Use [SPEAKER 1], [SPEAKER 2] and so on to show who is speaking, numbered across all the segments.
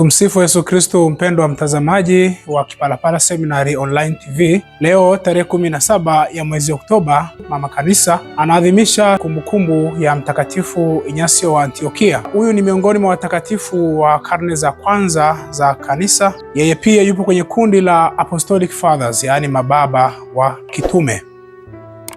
[SPEAKER 1] Tumsifu Yesu Kristo. Mpendwa mtazamaji wa Kipalapala Seminary Online TV, leo tarehe 17 ya mwezi Oktoba, Mama Kanisa anaadhimisha kumbukumbu ya Mtakatifu Inyasio wa Antiokia. Huyu ni miongoni mwa watakatifu wa karne za kwanza za Kanisa. Yeye pia yupo kwenye kundi la Apostolic Fathers, yaani mababa wa kitume.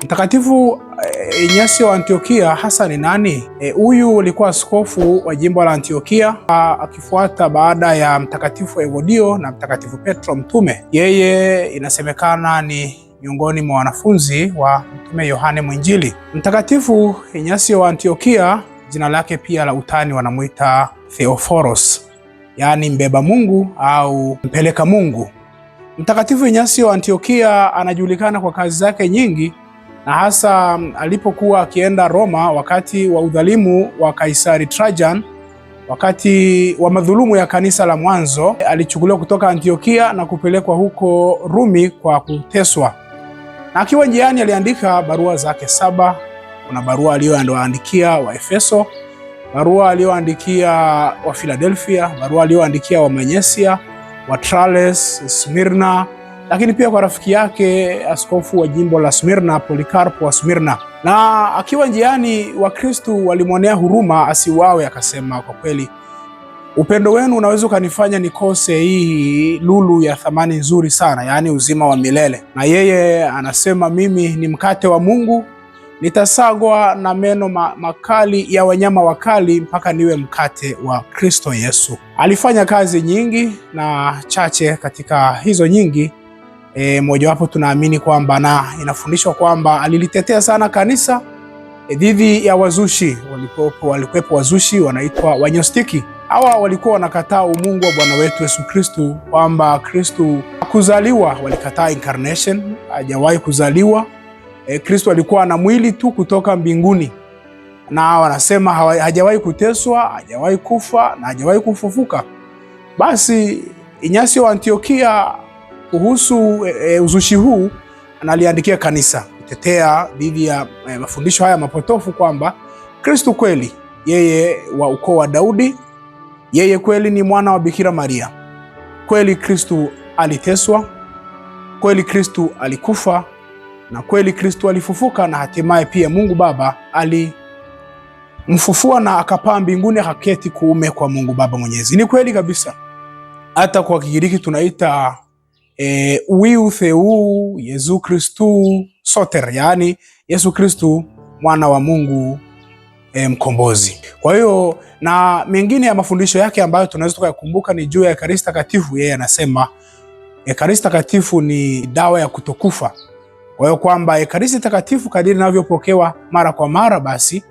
[SPEAKER 1] Mtakatifu e, eh, Inyasio wa Antiokia hasa ni nani? Eh, huyu e, alikuwa askofu wa jimbo la Antiokia akifuata baada ya mtakatifu Evodio na mtakatifu Petro Mtume. Yeye inasemekana ni miongoni mwa wanafunzi wa Mtume Yohane Mwinjili. Mtakatifu Inyasio wa Antiokia, jina lake pia la utani wanamwita Theophoros, yaani mbeba Mungu au mpeleka Mungu. Mtakatifu Inyasio wa Antiokia anajulikana kwa kazi zake nyingi na hasa mm, alipokuwa akienda Roma wakati wa udhalimu wa Kaisari Trajan, wakati wa madhulumu ya kanisa la mwanzo, alichukuliwa kutoka Antiokia na kupelekwa huko Rumi kwa kuteswa, na akiwa njiani aliandika barua zake saba. Kuna barua aliyoandikia wa Efeso, barua aliyoandikia wa Philadelphia, barua aliyoandikia wa Manyesia, wa Trales, Smyrna lakini pia kwa rafiki yake askofu wa jimbo la Smyrna, Polikarpo wa Smyrna. Na akiwa njiani, wakristu walimwonea huruma asiwawe akasema, kwa kweli upendo wenu unaweza ukanifanya nikose hii lulu ya thamani nzuri sana, yaani uzima wa milele. Na yeye anasema, mimi ni mkate wa Mungu, nitasagwa na meno makali ya wanyama wakali mpaka niwe mkate wa Kristo Yesu. Alifanya kazi nyingi na chache katika hizo nyingi E, mojawapo tunaamini kwamba na inafundishwa kwamba alilitetea sana kanisa e, dhidi ya wazushi. Walikuwepo, walikuwepo wazushi wanaitwa wanyostiki. Hawa walikuwa wanakataa umungu wa Bwana wetu Yesu Kristu, kwamba Kristu kuzaliwa Walikataa incarnation, hajawahi kuzaliwa. E, Kristu alikuwa na mwili tu kutoka mbinguni, na wanasema hajawahi kuteswa, hajawahi kufa na hajawahi kufufuka. Basi Inyasi wa Antiokia kuhusu e, uzushi huu analiandikia kanisa kutetea dhidi ya e, mafundisho haya mapotofu kwamba kristu kweli yeye wa ukoo wa Daudi, yeye kweli ni mwana wa Bikira Maria, kweli kristu aliteswa, kweli kristu alikufa na kweli kristu alifufuka, na hatimaye pia Mungu Baba alimfufua na akapaa mbinguni akaketi kuume kwa Mungu Baba Mwenyezi. Ni kweli kabisa. Hata kwa Kigiriki tunaita e, eh, wiu theu Yesu Kristu soter, yaani Yesu Kristu mwana wa Mungu e, mkombozi. Kwa hiyo na mengine ya mafundisho yake ambayo tunaweza tukayakumbuka ni juu ya Ekaristi Takatifu. Yeye anasema Ekaristi Takatifu ni dawa ya kutokufa. Kwa hiyo kwamba Ekaristi Takatifu kadiri inavyopokewa mara kwa mara, basi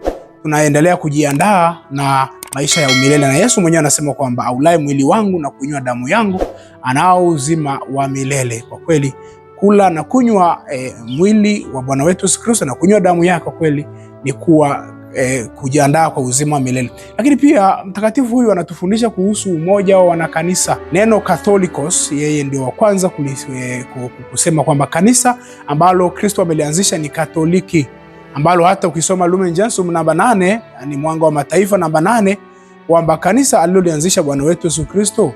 [SPEAKER 1] tunaendelea kujiandaa na maisha ya umilele na Yesu mwenyewe anasema kwamba aulaye mwili wangu na kunywa damu yangu anao uzima wa milele. Kwa kweli kula na kunywa e, mwili wa Bwana wetu Yesu Kristo na kunywa damu yake kwa kweli ni kuwa e, kujiandaa kwa uzima wa milele. Lakini pia mtakatifu huyu anatufundisha kuhusu umoja wa wanakanisa. Neno Catholicos, yeye ndio wa kwanza eh, kusema kwamba kanisa ambalo Kristo amelianzisha ni Katoliki ambalo hata ukisoma Lumen Gentium namba nane, yani mwanga wa mataifa namba nane, kwamba kanisa alilolianzisha Bwana wetu Yesu Kristo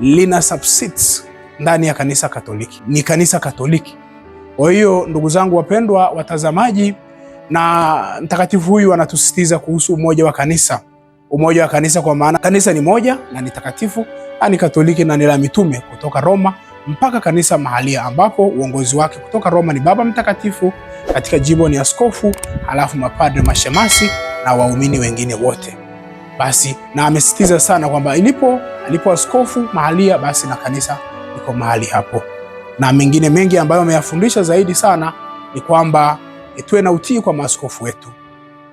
[SPEAKER 1] lina subsist ndani ya kanisa Katoliki, ni kanisa Katoliki. Kwa hiyo ndugu zangu wapendwa watazamaji, na mtakatifu huyu anatusisitiza kuhusu umoja wa kanisa, umoja wa kanisa, kwa maana kanisa ni moja na ni takatifu na ni Katoliki na ni la mitume kutoka Roma mpaka kanisa mahalia, ambapo uongozi wake kutoka Roma ni Baba Mtakatifu katika jimbo ni askofu, halafu mapadre, mashemasi na waumini wengine wote. Basi na amesisitiza sana kwamba ilipo alipo askofu mahalia, basi na kanisa liko mahali hapo. Na mengine mengi ambayo ameyafundisha zaidi sana ni kwamba tuwe na utii kwa maaskofu wetu,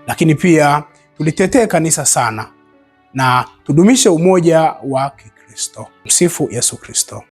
[SPEAKER 1] lakini pia tulitetee kanisa sana na tudumishe umoja wa Kikristo. Msifu Yesu Kristo.